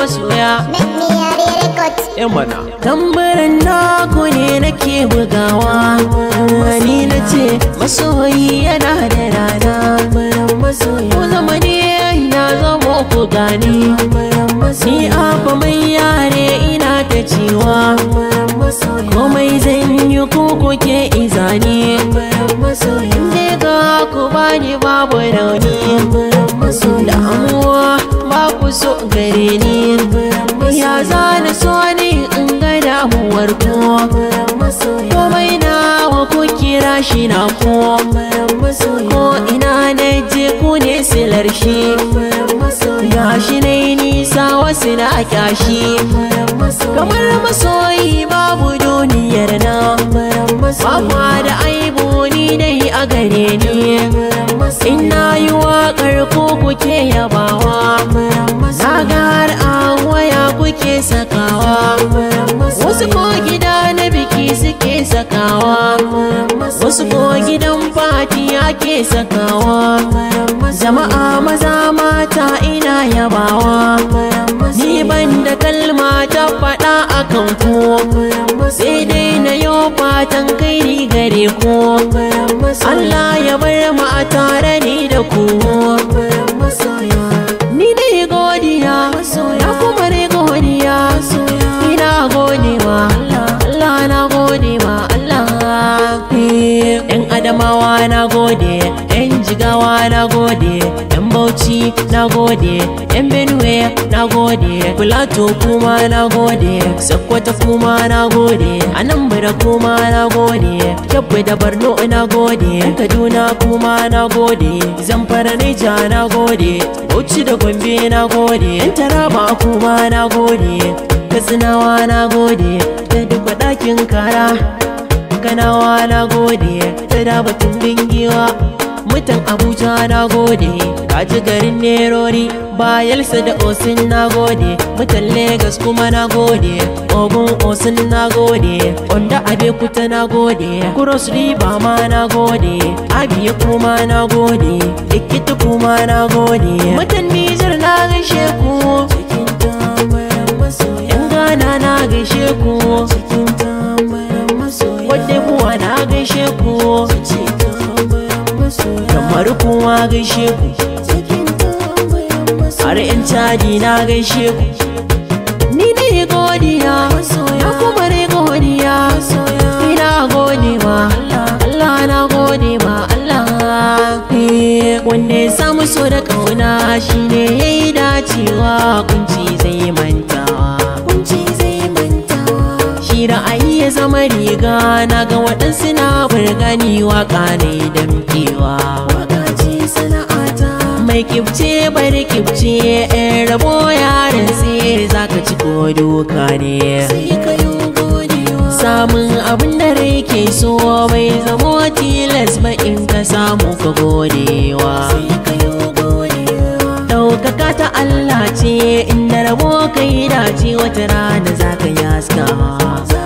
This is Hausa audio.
masoya yamana mana na naku ne nake bugawa wani na ce masoyi yana da rana ku zama ne na zama ku gani ni abu mai yare ina ta cewa komai zan yi kuke so gare ni ya zani na so ni in ga damuwar ko komai na wa ko kira shi na ko ko ina na je ku ne silar shi ya shi ne nisa wasu na kyashi kamar masoyi babu duniyar na babu suke sakawa wasu ko gida na biki suke sakawa wasu ko gidan fati ke sakawa jama'a maza mata ina yabawa ni ban da kalma ta faɗa a kan ku sai dai na yau fatan kai gare ku Allah ya bar mu a tare ni da ku adamawa na gode yan jigawa na gode yan bauchi na gode yan benue na gode kulato kuma na gode sakwata kuma na gode anambra kuma na gode kyabbe da barno na gode kaduna kuma na gode zamfara naija na gode bauchi da gombe na gode yan taraba kuma na gode katsinawa na gode da duk ɗakin kara kanawa na gode da batun bingiwa mutan abuja na gode kaji garin nerori bayelsa da osin na gode mutan Legas kuma na gode ogun osin na gode onda abekuta na gode cross river ma na gode abiya kuma na gode ikiti kuma na gode mutan nijar na gaishe ku cikin tambayar gana na gaishe ku cikin uwa na gaishe ku kamar kuma gaishe ku har yan caji na gaishe ku ni ne godiya na kuma ne godiya ina gode ma Allah na gode ma Allah eh, wanda ya samu so da kauna shine yayi dacewa kunci na na ga waɗansu na burgani waka ne damkewa waka suna sana'ata mai kibce bari kibce yan rabo yaran sai zaka ci ko doka ne samun abin da rai ke so bai zamo tilas ba in ka samu ka godewa ɗaukaka ta Allah ce inda rabo ka yi dace wata rana za zaka yaskawa